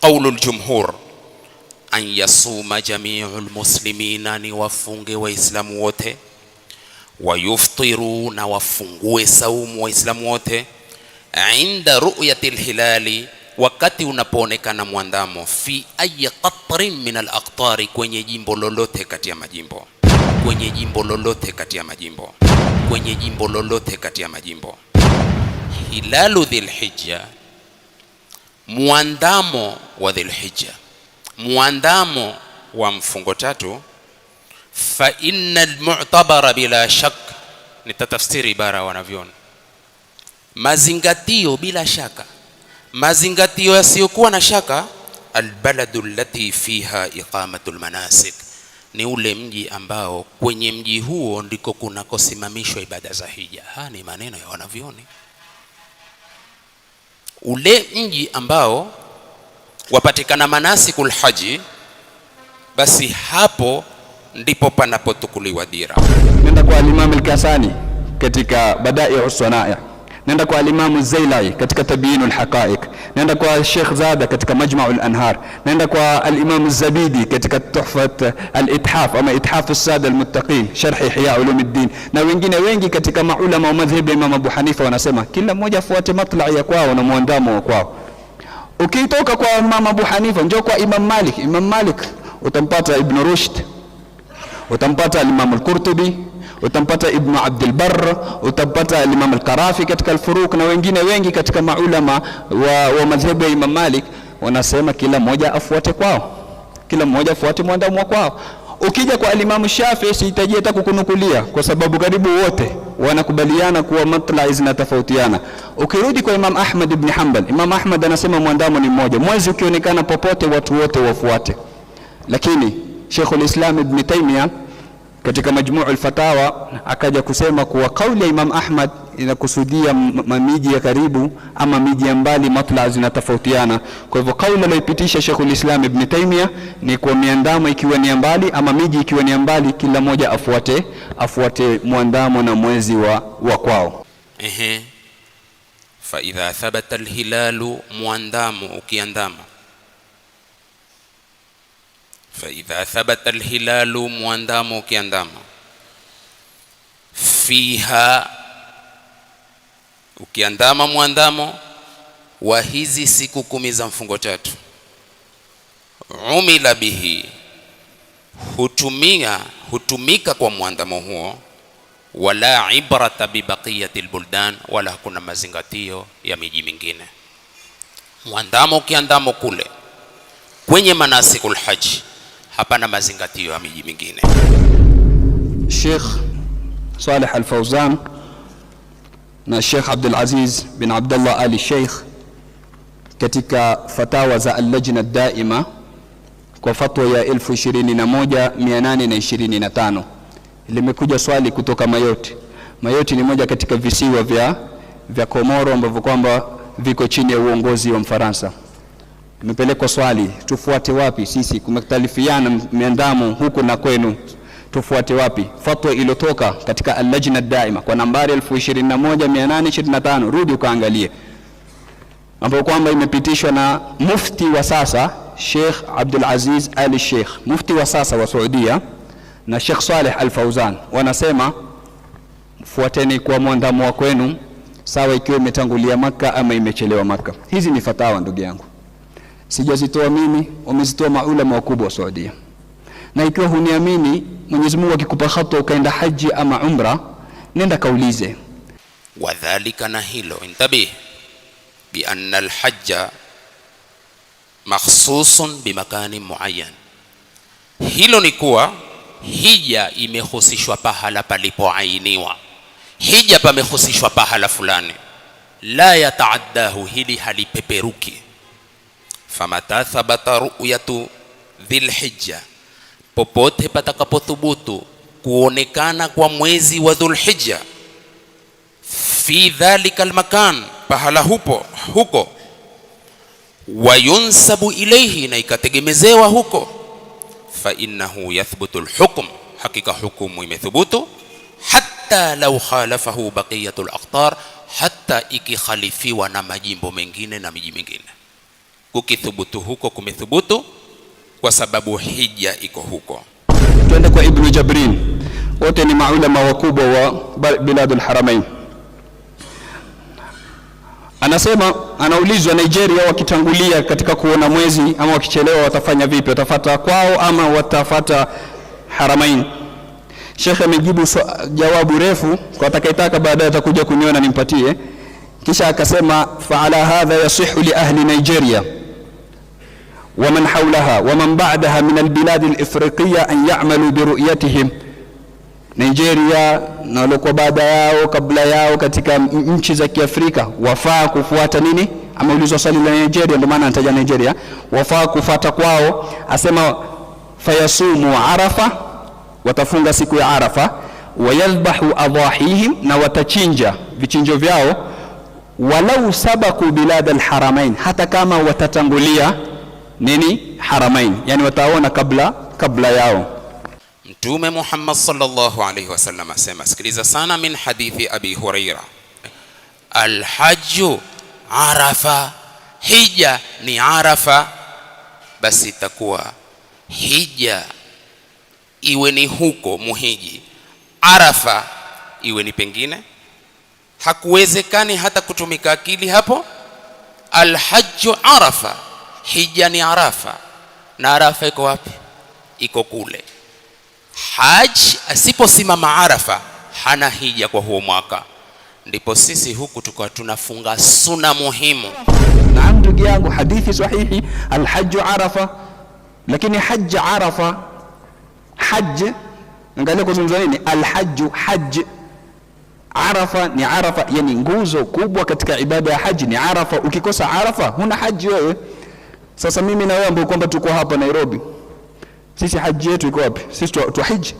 qaulul jumhur an yasuma jamiu lmuslimina ni wafunge waislamu wote, wayuftiru, na wafungue saumu waislamu wote, inda ru'yati lhilali, wakati unapoonekana mwandamo, fi ayi qatrin min alaqtari, kwenye jimbo lolote kati ya majimbo, kwenye jimbo lolote kati ya majimbo, kwenye jimbo lolote kati ya majimbo, hilalu dhilhijja muandamo wa dhilhija muandamo wa mfungo tatu. Fa inna almu'tabara bila shak, nitatafsiri ibara wanavyoona mazingatio bila shaka, mazingatio yasiyokuwa na shaka. Albaladu allati fiha iqamatu lmanasik, ni ule mji ambao kwenye mji huo ndiko kunakosimamishwa ibada za hija. Haya ni maneno ya wanavyoni ule mji ambao wapatikana manasikul haji, basi hapo ndipo panapotukuliwa dira. Nenda kwa Alimamu lkasani katika badai Sanaya, nenda kwa Alimamu Zailai katika Tabiinul Haqaiq naenda kwa Sheikh Zada katika Majmaul Anhar, naenda kwa al-Imam Zabidi katika Tuhfat al-Ithaf ama Ithaf as-Sada al-Muttaqin sharhi Ihya Ulumuddin, na wengine wengi katika maulama wa madhhab ya Imam Abu Hanifa wanasema kila mmoja afuate matlai ya kwao na muandamo wa kwao. Ukitoka kwa Imam Abu Hanifa njoo kwa Imam Malik. Imam Malik utampata Ibn Rushd, utampata al-Imam al-Qurtubi utampata Ibnu Barr, utampata Imam Al-Karafi katika Al-Furuq na wengine wengi katika maulama wa, wa madhehebu ya Imam Malik wanasema kila mmoja afuate kwao, kila mmoja afuate mwandamo wa kwao. Ukija kwa alimamu Shafi sihitaji hata kukunukulia, kwa sababu karibu wote wanakubaliana kuwa matlai zinatofautiana. Ukirudi kwa Imam Ahmad ibn Hanbal, Imam Ahmad anasema mwandamo ni mmoja, mwezi ukionekana popote watu wote wafuate, lakini Sheikhul Islam Ibn Taymiyyah katika Majmuu lfatawa fatawa akaja kusema kuwa kauli ya Imam Ahmad inakusudia miji ya karibu ama miji ya mbali, matla zinatofautiana. Kwa hivyo kauli aliyoipitisha Sheikhul Islam Ibn Taymiyyah ni kwa miandamo ikiwa ni mbali ama miji ikiwa ni mbali, kila moja afuate afuate mwandamo na mwezi wa, wa kwao. Ehe, fa idha thabata alhilalu, muandamo ukiandama faidha thabata alhilalu, mwandamo ukiandama, fiha ukiandama mwandamo wa hizi siku kumi za mfungo tatu, umila bihi, hutumia hutumika kwa mwandamo huo, wala ibrata bibaqiyati lbuldan, wala hakuna mazingatio ya miji mingine. Mwandamo ukiandamo kule kwenye manasiku lhaji hapana mazingatio ya miji mingine. Sheikh Saleh Al-Fauzan na Sheikh Abdul Aziz bin Abdullah Ali Sheikh katika fatawa za Al-Lajna Daima kwa fatwa ya 21825 limekuja swali kutoka Mayoti. Mayoti ni moja katika visiwa vya, vya Komoro ambavyo kwamba viko chini ya uongozi wa Mfaransa. Imepelekwa swali, tufuate wapi sisi? Kumetalifiana miandamo huku na kwenu, tufuate wapi? Fatwa iliyotoka katika allajna daima kwa nambari 21825 rudi ukaangalie, ambayo kwamba imepitishwa na mufti wa sasa Sheikh Abdul Aziz Ali Sheikh, mufti wa sasa wa Saudia, na Sheikh Saleh Al Fauzan wanasema fuateni kwa mwandamo wa kwenu, sawa ikiwa imetangulia Makka ama imechelewa Makka. Hizi ni fatawa ndugu yangu sijazitoa mimi, wamezitoa maulama wakubwa wa Saudia. Na ikiwa huniamini, Mwenyezi Mungu akikupa hata ukaenda haji ama umra, nenda kaulize wadhalika, na hilo intabih bi anna alhajja makhsusun bi makani muayyan, hilo ni kuwa hija imehusishwa pahala palipoainiwa. Hija pamehusishwa pahala fulani, la yataaddahu, hili halipeperuki famata thabata ru'yatu dhilhijja, popote patakapothubutu kuonekana kwa mwezi wa Dhulhijja, fi dhalika lmakan pahala hupo huko, wayunsabu ilaihi, na ikategemezewa huko, fa innahu yathbutu lhukm, hakika hukumu imethubutu, hata lau khalafahu baqiyatu laqtar, hata ikikhalifiwa na majimbo mengine na miji mingine kukithubutu huko kumethubutu kwa sababu hija iko huko. Twende kwa Ibnu Jabrin, wote ni maulama wakubwa wa biladul haramain. Anasema, anaulizwa Nigeria wakitangulia katika kuona mwezi ama wakichelewa watafanya vipi? Watafata kwao ama watafata haramain? Shekhe amejibu so, jawabu refu kwa atakayetaka baadaye atakuja kuniona nimpatie. Kisha akasema, fa ala hadha yasihu li ahli Nigeria ومن حولها ومن بعدها من البلاد الإفريقية أن يعملوا برؤيتهم Nigeria na waliokuwa baada yao kabla yao katika nchi za Kiafrika wafaa kufuata nini? Ameulizwa swali la Nigeria, ndio maana anataja Nigeria. Wafaa kufuata kwao, asema fayasumu arafa, watafunga siku ya Arafa, wayadhbahu adhahihim, na watachinja vichinjo vyao, walau sabaku bilad alharamain, hata kama watatangulia nini haramain, yani wataona kabla kabla yao. Mtume Muhammad sallallahu alaihi wasallam asema, sikiliza sana, min hadithi Abi Huraira, alhaju arafa, hija ni arafa, basi itakuwa hija iwe ni huko muhiji, arafa iwe ni pengine, hakuwezekani hata kutumika akili hapo. Alhaju arafa hija ni Arafa, na Arafa iko wapi? Iko kule. haj asiposimama Arafa hana hija kwa huo mwaka. Ndipo sisi huku tukawa tunafunga suna muhimu. Naam, ndugu yangu, hadithi sahihi, alhaju Arafa. Lakini haj Arafa, haj angalia kuzungumza nini? Alhaju haj Arafa ni Arafa, yani nguzo kubwa katika ibada ya haji ni Arafa. Ukikosa Arafa huna haji wewe. Sasa mimi na wewe ambao kwamba tuko hapa Nairobi, sisi haji yetu iko wapi? Sisi twahiji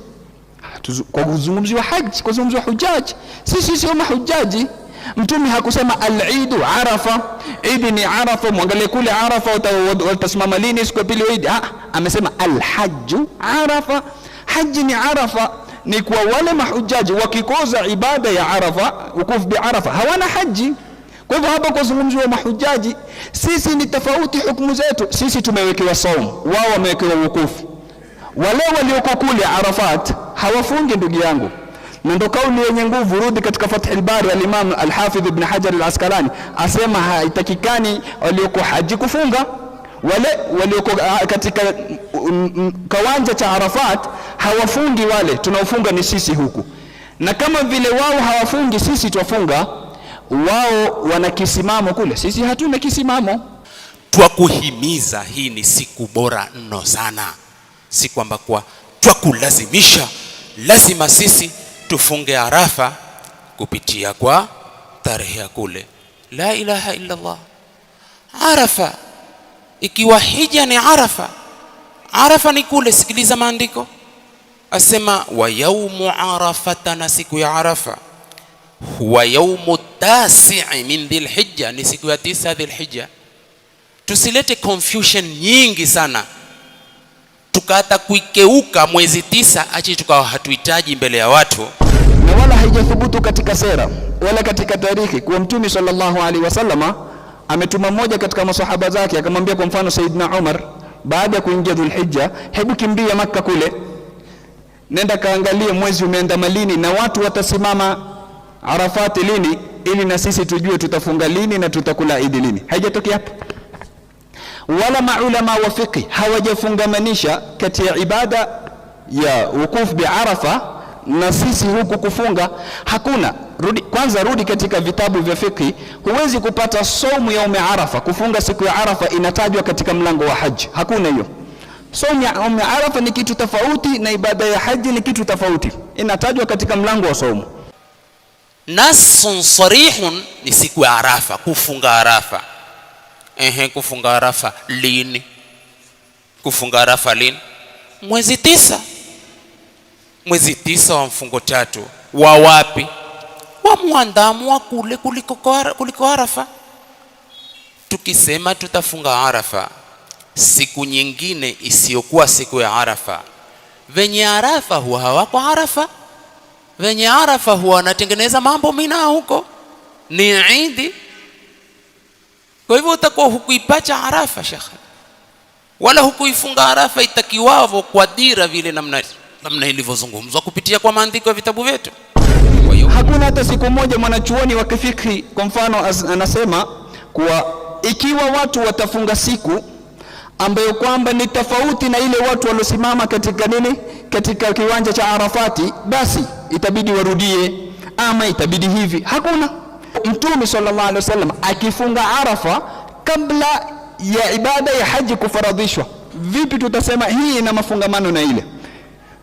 ah, kwa kuzungumziwa haji, kwa kuzungumziwa hujaji. Sisi sio mahujaji. Mtume hakusema al-Eid Arafa, Eid ni Arafa, mwangalie kule Arafa watasimama lini siku ya pili Eid. Ah, amesema al-Hajj Arafa, haji ni Arafa. Ni kwa wale mahujaji wakikoza ibada ya Arafa, wukufu bi Arafa, hawana haji. Kwa hivyo hapa kuzungumziwa mahujaji, sisi ni tofauti hukumu zetu. Sisi tumewekewa saumu, wao wamewekewa wukufu. Wale walioko kule Arafat hawafungi ndugu yangu, na ndo kauli yenye nguvu. Rudi katika al Bari, al-Imam al-Hafidh Ibn Hajar al-Asqalani asema haitakikani walioko haji kufunga. Wale walioko ah, katika mm, mm, kawanja cha Arafat hawafungi, wale tunaofunga ni sisi huku, na kama vile wao hawafungi, sisi twafunga wao wana kisimamo kule, sisi hatuna kisimamo. Twakuhimiza, hii ni siku bora mno sana, si kwamba kwa twakulazimisha lazima sisi tufunge Arafa kupitia kwa tarehe ya kule. La ilaha illa Allah. Arafa ikiwa hija ni Arafa, Arafa ni kule. Sikiliza maandiko asema, wa yaumu arafata, na siku ya Arafa huwa yaumu tasii min dhilhija, ni siku ya tisa Dhilhija. Tusilete confusion nyingi sana tukata kuikeuka mwezi tisa, achi tukawa hatuhitaji mbele ya watu, na wala haijathubutu katika sera wala katika tarikhi kuwa Mtume sallallahu alaihi wasallama ametuma mmoja katika masahaba zake akamwambia, kwa mfano Saidna Umar, baada ya kuingia Dhulhijja, hebu kimbia Makka kule, nenda kaangalie mwezi umeenda malini na watu watasimama Arafati lini, ili na sisi tujue tutafunga lini na tutakula idi lini. Haijatokea hapo, wala maulama wa fiqh hawajafungamanisha kati ya ibada ya wukufu bi Arafa na sisi huku kufunga hakuna. Rudi kwanza, rudi katika vitabu vya fiqh, huwezi kupata saumu yaumi Arafa, kufunga siku ya Arafa inatajwa katika mlango wa haji, hakuna hiyo. Saumu ya yaumi Arafa ni kitu tofauti na ibada ya haji ni kitu tofauti, inatajwa katika mlango wa saumu nasun sarihun ni siku ya Arafa, kufunga Arafa. Ehe, kufunga Arafa lini? Kufunga Arafa lini? Mwezi tisa, mwezi tisa wa mfungo tatu wa wapi? Wa muandamo wa kule kuliko Arafa. Tukisema tutafunga Arafa siku nyingine isiyokuwa siku ya Arafa, venye Arafa huwa hawako Arafa Wenye Arafa huwa wanatengeneza mambo Mina huko ni Idi. Kwa hivyo utakuwa hukuipacha Arafa shekhe, wala hukuifunga Arafa itakiwavo kwa dira vile namna namna ilivyozungumzwa kupitia kwa maandiko ya vitabu vyetu. Hakuna hata siku moja mwanachuoni wa kifikhi kwa mfano anasema kuwa ikiwa watu watafunga siku ambayo kwamba ni tofauti na ile watu waliosimama katika nini, katika kiwanja cha Arafati, basi itabidi warudie ama itabidi hivi. Hakuna. Mtume sallallahu alaihi wasallam akifunga Arafa kabla ya ibada ya haji kufaradhishwa, vipi tutasema hii ina mafungamano na ile?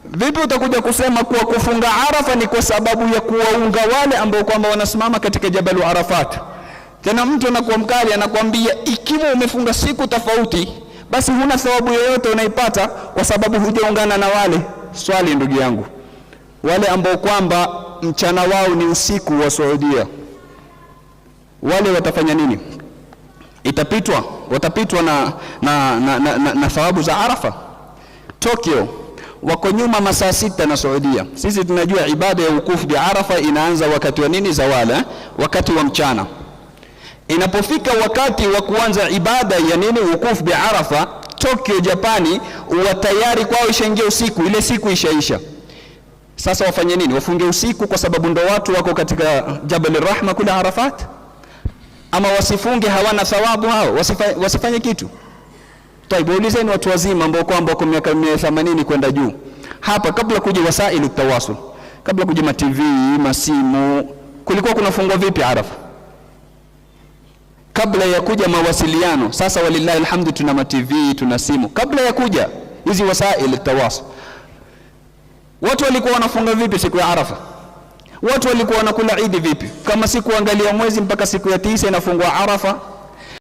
Vipi utakuja kusema kuwa kufunga Arafa ni kwa sababu ya kuwaunga wale ambao kwamba wanasimama katika jabalu Arafat? Tena mtu anakuwa mkali, anakuambia ikiwa umefunga siku tofauti, basi huna thawabu yoyote unaipata, kwa sababu hujaungana na wale. Swali ndugu yangu wale ambao kwamba mchana wao ni usiku wa Saudia, wale watafanya nini? Itapitwa, watapitwa na, na, na, na, na, na thawabu za Arafa. Tokyo wako nyuma masaa sita na Saudia. Sisi tunajua ibada ya wukufu bi Arafa inaanza wakati wa nini? Zawala, eh? wakati wa mchana. Inapofika wakati wa kuanza ibada ya nini? Wukufu bi Arafa, Tokyo Japani, uwa tayari kwao ishaingia usiku, ile siku ishaisha. Sasa wafanye nini? Wafunge usiku kwa sababu ndo watu wako katika Jabal Rahma kule Arafat? Ama wasifunge, hawana thawabu hao, wasifanye wasifanye kitu? Taibu, ulizeni watu wazima ambao kwamba wako miaka 80 kwenda juu hapa, kabla kuja wasailu tawasul, kabla kuja ma TV masimu, kulikuwa kunafungwa vipi Arafa kabla ya kuja mawasiliano? Sasa walillahi alhamdu, tuna ma TV tuna simu. Kabla ya kuja hizi wasail tawasul Watu walikuwa wanafunga vipi siku ya Arafa? Watu walikuwa wanakula Idi vipi? Kama siku kuangalia mwezi mpaka siku ya tisa inafungwa Arafa